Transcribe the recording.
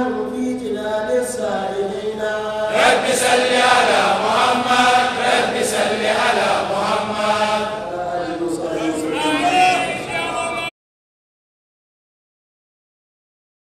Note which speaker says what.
Speaker 1: نحن في جنان السائلين رب سل على